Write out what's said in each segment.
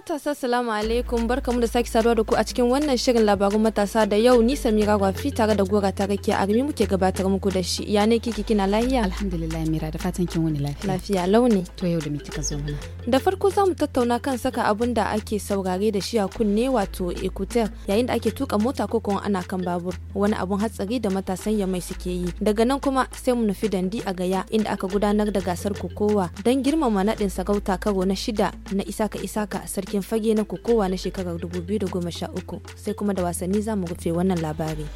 matasa salamu alaikum barkamu da sake saduwa da ku a cikin wannan shirin labarun matasa da yau ni Samira Gwafi tare da Gora ta rake a gami muke gabatar muku da shi ya ne kiki kina lafiya alhamdulillah Mira da fatan kin wani lafiya lafiya launi to yau da zo mana da farko za mu tattauna kan saka abun da ake saurare da shi a kunne wato ekuter yayin da ake tuka mota ko kuma ana kan babur wani abun hatsari da matasan ya mai suke yi daga nan kuma sai mu nufi dandi a gaya inda aka gudanar da gasar kokowa don girmama naɗin sarauta karo na shida na isaka isaka sarki cikin fage na kokowa na shekarar 2013 sai kuma da wasanni za mu rufe wannan labari.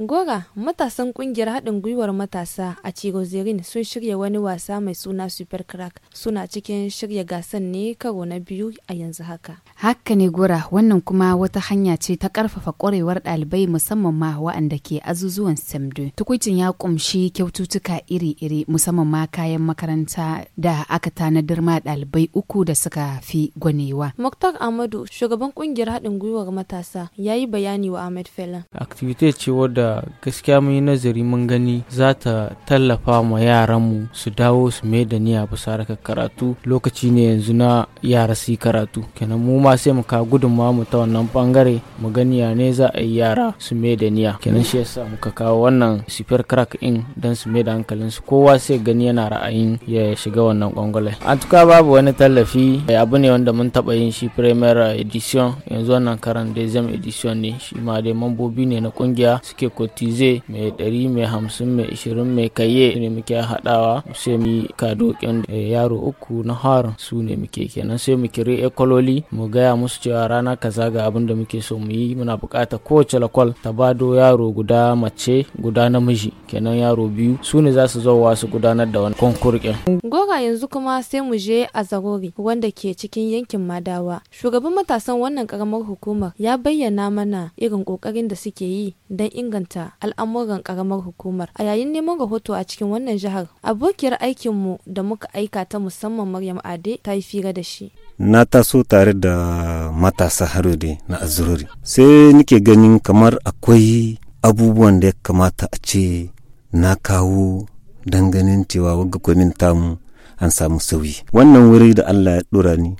Gora matasan kungiyar haɗin gwiwar matasa a Chigozerin sun shirya wani wasa mai suna Super Crack suna cikin shirya gasan ne karo na biyu a yanzu haka. Haka ne Gora wannan kuma wata hanya ce ta ƙarfafa ƙwarewar ɗalibai musamman ma waɗanda ke azuzuwan SEMDU. Tukuicin ya ƙumshi kyaututtuka iri-iri musamman ma kayan makaranta da aka tanadar ma ɗalibai uku da suka fi gwanewa. Muktar Amadu shugaban kungiyar haɗin gwiwar matasa ya yi bayani wa Ahmed Fela. Activity ce wadda da gaskiya mun yi nazari mun gani za ta tallafa ma yaran mu su dawo su mai da niyya bisa harkar karatu lokaci ne yanzu na yara su yi karatu kenan mu ma sai mu ka gudunmawa mu ta wannan bangare mu gani ya ne za a yi yara su mai da niyya kenan shi yasa muka kawo wannan super crack in don su mai da hankalin su kowa sai gani yana ra'ayin ya shiga wannan kwangwale a tuka babu wani tallafi abu ne wanda mun taba yin shi premier edition yanzu wannan karan zam edition ne shi ma dai mambobi ne na kungiya suke kotize mai ɗari mai hamsin mai ishirin mai kaye ne muke haɗawa sai mu kadokin eh, yaro uku na har su ne muke kenan sai mu kiri ekololi mu gaya musu cewa rana kaza ga abin da muke so mu yi muna buƙatar kowace lakwal ta bado yaro guda mace guda namiji kenan yaro biyu su ne za su zauwa su gudanar da wani konkurkin. Gora yanzu kuma sai mu je a Zagori wanda ke cikin yankin Madawa. Shugaban matasan wannan karamar hukumar ya bayyana mana irin kokarin da suke yi don inganta inganta al'amuran karamar hukumar a yayin neman rahoto a cikin wannan jihar abokiyar aikinmu da muka aika ta musamman maryam ade ta yi fira da shi na taso tare da matasa harode na azururi sai nike ganin kamar akwai abubuwan da ya kamata a ce na kawo ganin cewa waga kwamin tamu an samu sauyi wannan wuri da allah ya dora ni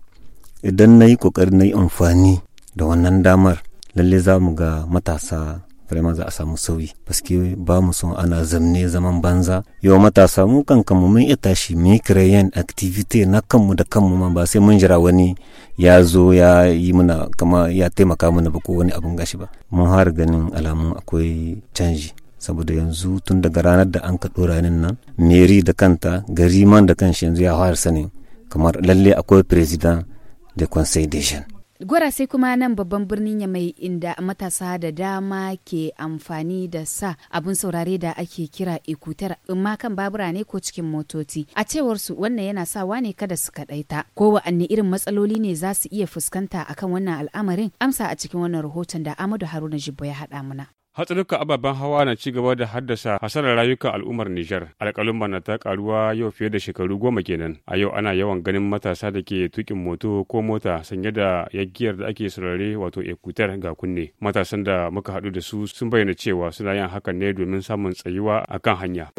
idan na yi kokari na yi amfani da wannan damar lalle za mu ga matasa vraiment za a samu sauyi paske ba mu son ana zamne zaman banza yau matasa mu kan kanmu mun iya tashi mu yi kireyen activity na kanmu da kanmu ma ba sai mun jira wani ya zo ya yi muna kama ya taimaka mana ba ko wani abun gashi ba mun har ganin alamun akwai canji saboda yanzu tun daga ranar da an ka dora nan meri da kanta gari man da kanshi yanzu ya fara sani kamar lalle akwai president de conseil des jeunes Gwara sai kuma nan babban birnin ya mai inda matasa da dama ke amfani da sa abun saurare da ake kira ikutar amma kan babura ne ko cikin motoci. A cewar su wannan yana sawa ne kada su kaɗaita. Ko wa'anne irin matsaloli ne za su iya fuskanta akan wannan al'amarin amsa a cikin wannan rahoton da Amadu Haruna Jibbo ya haɗa mana. Hatsaruka ababen hawa na ci gaba da haddasa hasarar rayukan al'ummar Nijar. Alƙalin na ta karuwa yau fiye da shekaru goma kenan. A yau ana yawan ganin matasa da ke tukin moto ko mota sanye da yaggiyar da ake saurare wato ekutar ga kunne. Matasan da muka haɗu da su sun bayyana cewa suna yin hakan ne domin samun tsayuwa a kan hanya.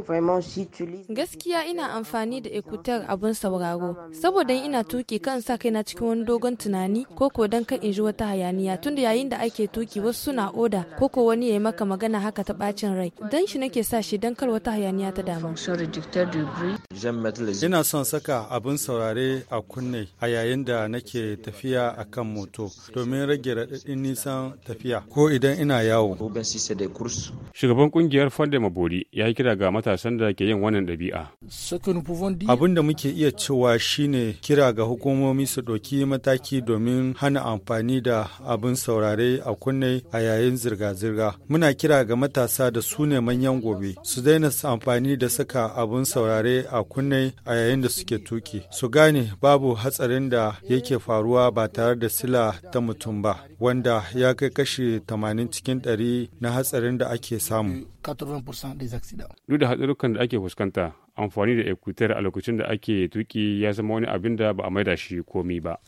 Gaskiya ina amfani da ekutar abun sauraro. Saboda ina tuki kan sa na cikin wani dogon tunani ko ko dan kan in ji wata hayaniya tunda yayin da ake tuki wasu suna oda ko ko wani ya maka magana haka ta bacin rai dan shi nake sa shi dan kar wata hayaniya ta damu ina son saka abin saurare a kunne a yayin da nake tafiya a kan moto domin rage raɗaɗin nisan tafiya ko idan ina yawo shugaban kungiyar Fonde mabori ya kira ga matasan da ke yin wannan ɗabi'a abin da muke iya cewa shine kira ga hukumomi su ɗauki mataki domin hana amfani da abin saurare a kunne a yayin zirga-zirga muna kira ga matasa da su ne manyan gobe su daina amfani da saka abun saurare a kunne a yayin da suke tuki su gane babu hatsarin da yake faruwa ba tare da sila ta mutum ba wanda ya kai kashi 80 cikin 100 na hatsarin da ake samu duk da hatsarukan da ake fuskanta amfani da ekutar a lokacin da ake tuki ya zama wani abin da ba a maida shi komi ba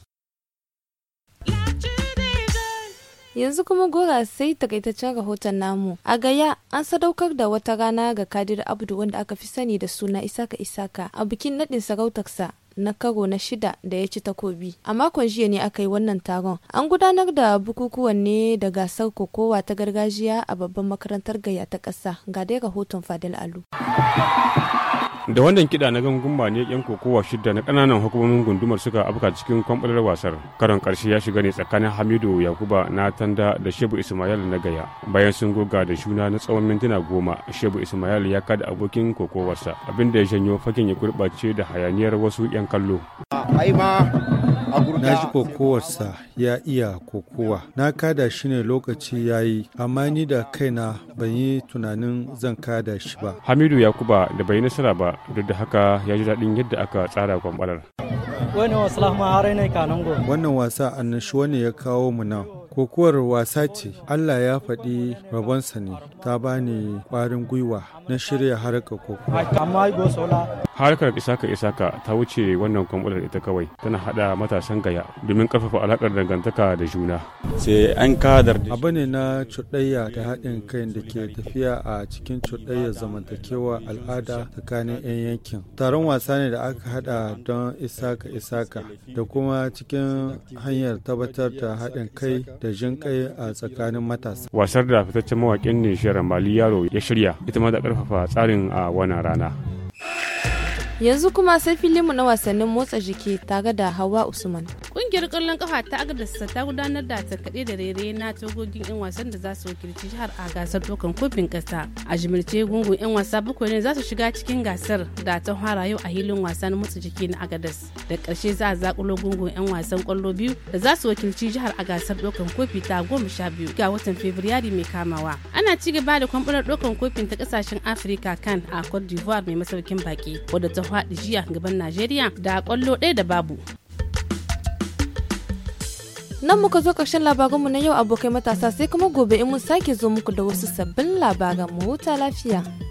yanzu kuma gora sai takaitaccen rahoton namu a gaya an sadaukar da wata rana ga kadir abdu wanda aka fi sani da suna isaka isaka a bikin nadin sarautarsa na karo na shida da ya ci takobi a makon jiya ne aka yi wannan taron an gudanar da bukukuwan ne da gasar kokowa ta gargajiya a babban makarantar gaya ta ƙasa ga dai rahoton fadil alu da wannan kiɗa na gangumba ne yan kokowa shidda na kananan hukumomin gundumar suka afka cikin kwamɓalar wasar karon karshe ya shiga ne tsakanin hamidu yakuba na tanda da shebu ismail na gaya bayan sun goga da shuna na tsawon mintuna goma shebu ismail ya kada abokin kokowarsa abinda ya janyo fagen ya gurɓace da hayaniyar wasu yan kallo Na ji kokowarsa ya iya kokowa. Na kada shi ne lokaci ya yi, amma ni da kaina ban yi tunanin zan kada shi ba. Hamidu Yakuba da bai nasara ba duk da haka ya ji daɗin yadda aka tsara kwambalar. Wannan wasa annashi ne ya kawo mu nan. Kokuwar wasa ce, Allah ya faɗi rabonsa ne, ta bani ƙwarin gwiwa na shirya harkar kokowa. harkar isaka isaka ta wuce wannan kwamfutar ita kawai tana hada matasan gaya domin karfafa alakar dangantaka da juna sai an kadar abu ne na cuɗayya ta haɗin kai da ke tafiya a cikin cuɗayyar zamantakewa al'ada tsakanin 'yan yankin taron wasa ne da aka hada don isaka isaka da kuma cikin hanyar tabbatar da haɗin kai da jin kai a tsakanin matasa wasar da fitaccen mawaƙin nishiyar mali yaro ya shirya ita ma da karfafa tsarin a wannan rana Yanzu kuma sai filinmu na wasannin motsa jiki ga da Hawa Usman. ƙungiyar ƙwallon kafa ta Agadasa ta gudanar da takaɗe da rere na togogin 'yan wasan da za su wakilci jihar a gasar dokan kofin ƙasa. A jimirce gungun 'yan wasa bakwai ne za su shiga cikin gasar da ta fara yau a hilin wasan motsa jiki na Agadas. Da ƙarshe za a zaƙulo gungun 'yan wasan ƙwallo biyu da za su wakilci jihar a gasar dokan kofi ta goma sha biyu ga watan Fabrairu mai kamawa. Ana ci gaba da kwamɓular dokan kofin ta ƙasashen Afirka kan a Cote d'Ivoire mai masaukin baki wadda ta faɗi jiya gaban najeriya da kwallo ɗaya da babu nan muka zo ƙarshen labaranmu na yau abokai matasa sai kuma gobe in mun sake zo muku da wasu sabbin labaran mu huta lafiya